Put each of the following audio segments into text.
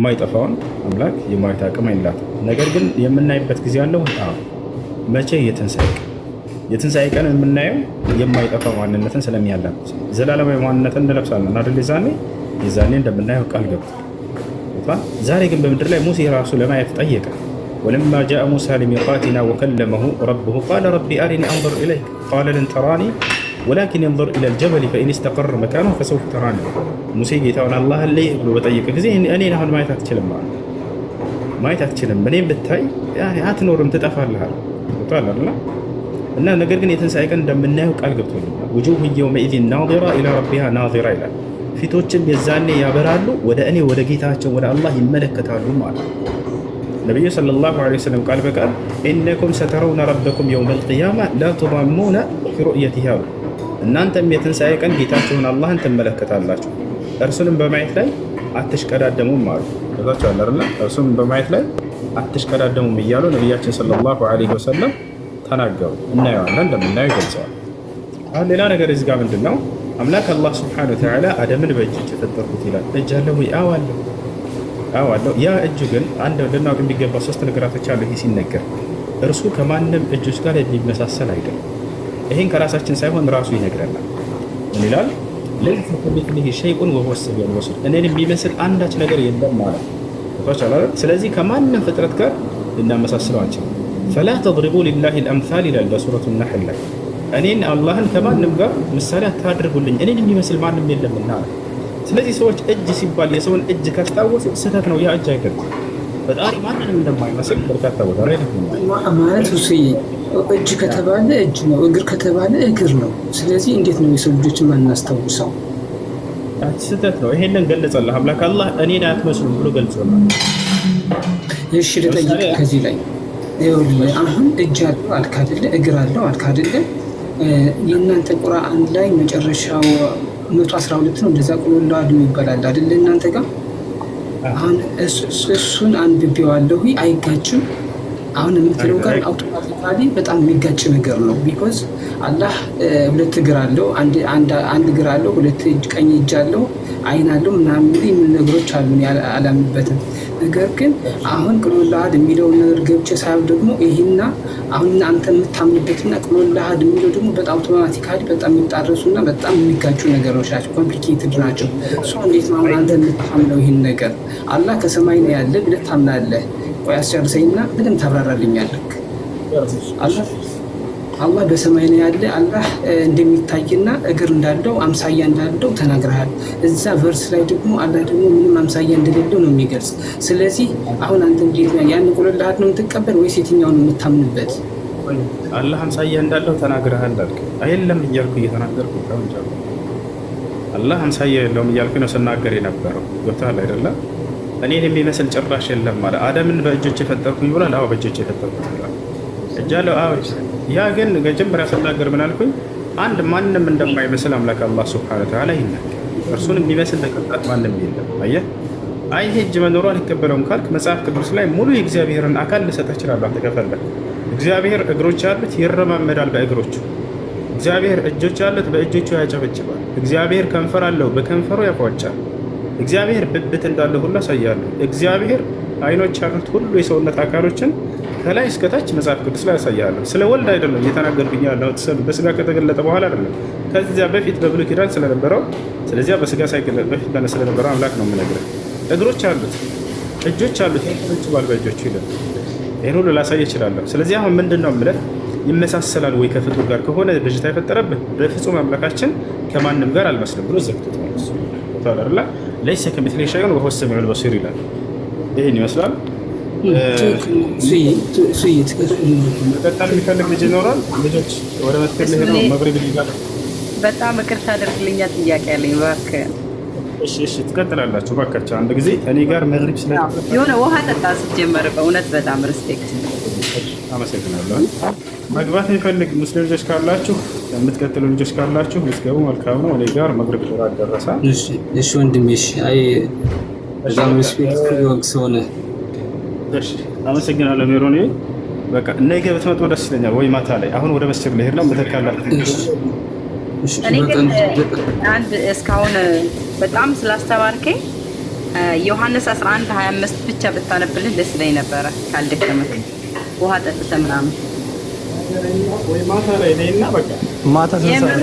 የማይጠፋውን አምላክ የማየት አቅም አይላት። ነገር ግን የምናይበት ጊዜ አለው። መቼ? የትንሣኤ ቀን። የትንሣኤ ቀን የምናየው የማይጠፋ ማንነትን ስለሚያላብስ ዘላለማዊ ማንነትን እንለብሳለን አደል? ዛኔ የዛኔ እንደምናየው ቃል ገብቷል። ዛሬ ግን በምድር ላይ ሙሴ ራሱ ለማየት ጠየቀ። ወለማ ጃአ ሙሳ ሊሚቃቲና ወከለመሁ ረብሁ ቃለ ረቢ አሪኒ አንظር ኢለይክ ቃለ ለን ተራኒ ወላኪን የንظር ኢለል ጀበል ፈኢን ስተቀር መካኑ ፈሰውፈ ተራኒ። ሙሴ ጌታውን አላህን ለይ ብሎ በጠየቀ ጊዜ እኔን አሁን ማየት አትችልም፣ ማየት አትችልም፣ እኔም ብታይ አትኖርም፣ ትጠፋለህ። እና ነገር ግን የትንሣኤ ቀን እንደምናየው ቃል ገብቶልናል። ውጁህ የውመኢዚን ናዚራ ኢላ ረቢሃ ናዚራ ይላል። ፊቶችም የዛኔ ያበራሉ፣ ወደ እኔ ወደ ጌታቸው ወደ አላህ ይመለከታሉ ማለት ነው። ነቢዩ ሰለላሁ ዐለይሂ ወሰለም ቃል በቃል ኢነኩም ሰተረውነ ረበኩም የውመል ቂያማ ላ ቱዳሙነ ፊ ሩእየቲህ አሉ እናንተም የትንሣኤ ቀን ጌታችሁን አላህን ትመለከታላችሁ እርሱንም በማየት ላይ አትሽቀዳደሙም አሉ። ዛቸዋል አለ እርሱንም በማየት ላይ አትሽቀዳደሙም እያሉ ነቢያችን ሰለላሁ ዐለይሂ ወሰለም ተናገሩ። እናየዋለን፣ እንደምናየው ይገልጸዋል። አሁን ሌላ ነገር እዚህ ጋር ምንድን ነው አምላክ አላህ ስብሐነሁ ወተዓላ አደምን በእጅ የፈጠርኩት ይላል። እጅ አለ ወይ? አዎ አለው፣ አዎ አለው። ያ እጅ ግን አንድ ልናውቅ የሚገባ ሶስት ነገራቶች አሉ። ይሄ ሲነገር እርሱ ከማንም እጆች ጋር የሚመሳሰል አይደለም። ይሄን ከራሳችን ሳይሆን ራሱ ይነግረናል። ምን ይላል? ለይሰ ከሚስሊሂ ሸይኡን ወሁወ ሰሚዑል በሲር እኔን የሚመስል አንዳች ነገር የለም ማለት ስለዚህ ከማንም ፍጥረት ጋር ልናመሳስለው አንችልም። ፈላ ተድሪቡ ሊላሂ ልአምሳል ይላል በሱረቱ ናሕል ላይ እኔን አላህን ከማንም ጋር ምሳሌ አታድርጉልኝ፣ እኔን የሚመስል ማንም የለምና። ስለዚህ ሰዎች እጅ ሲባል የሰውን እጅ ካስታወሱ ስህተት ነው። ያ እጅ አይደለም ፈጣሪ ማንንም እንደማይመስል በርካታ ቦታ ላይ ማለት እሱ እጅ ከተባለ እጅ ነው፣ እግር ከተባለ እግር ነው። ስለዚህ እንዴት ነው የሰው ልጆች የማናስታውሰው? ስህተት ነው። ይሄንን ገለጸልህ አምላክ አላህ እኔን አትመስሉም ብሎ ገልጾልሃል። እሺ ልጠይቅ ከዚህ ላይ አሁን እጅ አለው አልክ አይደለ? እግር አለው አልክ አይደለ? የእናንተ ቁርአን ላይ መጨረሻው መቶ አስራ ሁለት ነው እንደዛ ቁሎላ የሚባል አለ አይደለ እናንተ ጋር አሁን እሱን አንብቤዋለሁ። አይጋችም አሁን የምትለው ጋር አውቶማቲካሊ በጣም የሚጋጭ ነገር ነው። ቢኮዝ አላህ ሁለት እግር አለው፣ አንድ እግር አለው፣ ሁለት ቀኝ እጅ አለው፣ አይን አለው ምናምን የሚሉ ነገሮች አሉ። አላምንበትም። ነገር ግን አሁን ቅሎላሃድ የሚለው ነገር ገብቼ ሳይሆን ደግሞ ይህና አሁን አንተ የምታምንበትና ቅሎላሃድ የሚለው ደግሞ በጣም አውቶማቲካሊ በጣም የሚጣረሱና በጣም የሚጋጩ ነገሮች ናቸው። ኮምፕሊኬትድ ናቸው። እሱ እንዴት ነው አሁን አንተ የምታምነው ይህን ነገር? አላህ ከሰማይ ነው ያለ ብለህ ታምናለህ ቆይ አስጨርሰኝና በደንብ ታብራራልኛለህ። አላህ በሰማይ ነው ያለ። አላህ እንደሚታይና እግር እንዳለው አምሳያ እንዳለው ተናግረሃል። እዛ ቨርስ ላይ ደግሞ አላህ ደግሞ ምንም አምሳያ እንደሌለው ነው የሚገልጽ። ስለዚህ አሁን አንተ እንዴት ነው ያን ቁልልሃት ነው የምትቀበል ወይስ የትኛው ነው የምታምንበት? አላህ አምሳያ እንዳለው ተናግረሃል አልክ። አየለም እያልኩ እየተናገርኩ አላህ አምሳያ የለውም እያልኩ ነው ስናገር የነበረው ገብቶሃል አይደለም? እኔን የሚመስል ጭራሽ የለም አለ። አደምን በእጆች የፈጠርኩኝ ብሏል። አዎ በእጆች የፈጠርኩት ብሏል። እጃለሁ። አዎ ያ ግን መጀመሪያ ስናገር ምን አልኩኝ? አንድ ማንም እንደማይመስል አምላክ አላህ ስብሐነ ወተዓላ ይናገር። እርሱን የሚመስል ተቀጣት ማንም የለም። አየህ፣ አይ እጅ መኖሩ አልቀበለውም ካልክ መጽሐፍ ቅዱስ ላይ ሙሉ የእግዚአብሔርን አካል ልሰጠህ እችላለሁ። ተከፈለህ እግዚአብሔር እግሮች ያሉት ይረማመዳል በእግሮቹ እግዚአብሔር እጆች ያሉት በእጆቹ ያጨበጭባል። እግዚአብሔር ከንፈር አለው በከንፈሩ ያፏጫል። እግዚአብሔር ብብት እንዳለ ሁሉ አሳያለሁ። እግዚአብሔር አይኖች ያሉት ሁሉ የሰውነት አካሎችን ከላይ እስከታች መጽሐፍ ቅዱስ ላይ ያሳያለሁ። ስለ ወልድ አይደለም እየተናገርኩኝ ያለሁት በስጋ ከተገለጠ በኋላ አይደለም፣ ከዚያ በፊት በብሉ ኪዳን ስለነበረው ስለዚያ በስጋ ሳይገለጥ በፊት ስለነበረው አምላክ ነው የምነግርህ። እግሮች አሉት፣ እጆች አሉት፣ እጆች ባል በእጆቹ ይለ ይህን ሁሉ ላሳይ እችላለሁ። ስለዚህ አሁን ምንድን ነው የምልህ ይመሳሰላል ወይ ከፍጡር ጋር ከሆነ በሽታ የፈጠረብህ በፍጹም አምላካችን ከማንም ጋር አልመስልም ብሎ ዘግቶታል። ይባል አይደለ? ለይሰ ከምትል ሸይኡን ወሁወ ሰሚዑ ልበሲር ይላል። ይህን ይመስላል። መቀጠል የሚፈልግ ልጅ ይኖራል? ልጆች ወደ ነው። መግሪብ በጣም ይቅርታ አድርግልኛ፣ ጥያቄ ያለኝ እባክህ። እሺ እሺ፣ ትቀጥላላችሁ እባካችሁ። አንድ ጊዜ እኔ ጋር መግሪብ ስለ የሆነ ውሃ ጠጣ ስትጀመር፣ በእውነት በጣም ሪስፔክት አመሰግናለሁ። መግባት የሚፈልግ ሙስሊም ልጆች ካላችሁ የምትቀጥሉ ልጆች ካላችሁ ልትገቡ መልካም ነው። እኔ ጋር መግሪብ ሶላት ደረሳል። እሺ ወንድሜ፣ እሺ። አይ በጣም ሪስፔክት ወቅት ሆነ። እሺ፣ አመሰግናለሁ ሜሮኔ። በቃ ነገ ብትመጡ ደስ ይለኛል፣ ወይ ማታ ላይ። አሁን ወደ መስጅድ ልሄድ ነው። አንድ እስካሁን በጣም ስላስተማርከኝ ዮሐንስ 11 25 ብቻ ብታነብልን ደስ ይለኝ ነበረ ካልደከመክ ውሃ ጠጥተ ምናምን ማታ ስንት ሰዓት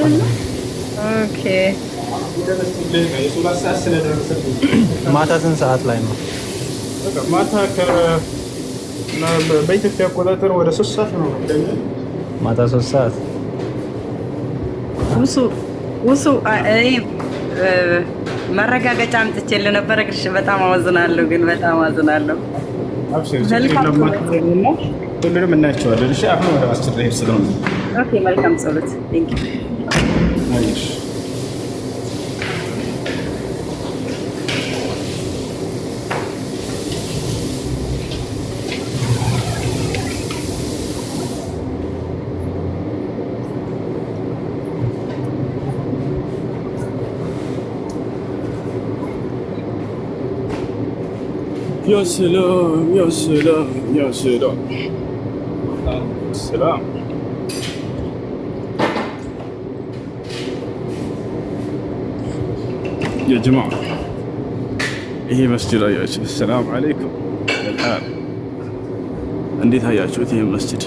ኦኬ፣ ማታ ስንት ሰዓት ላይ ነው? ማታ በኢትዮጵያ አቆጣጠር ወደ ሶስት ሰዓት ነው። ማታ ሶስት ሰዓት ውሱ ውሱ መረጋገጫ አምጥቼልህ ነበር። እግርሽ በጣም አወዝናለሁ፣ ግን በጣም አወዝናለሁ። ሁሉንም እናያቸዋለን። አሁን ወደ ሄድ ስለሆነ መልካም ጸሎት የሰላም የሰላም የሰላም ሰላም የጅማ ይሄ መስጅድ አያችሁ። ሰላም አለይኩም አልአን እንዴት አያችሁት? ይሄ መስጅድ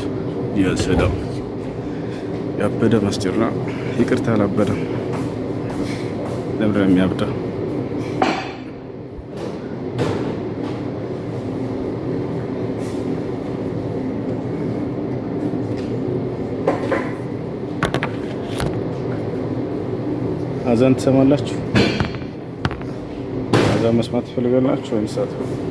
የሰላም ያበደ መስጅድ ነው። ይቅርታ አላበደም። ለምንድን ነው የሚያብደው? አዛን ትሰማላችሁ? አዛን መስማት ትፈልጋላችሁ ወይስ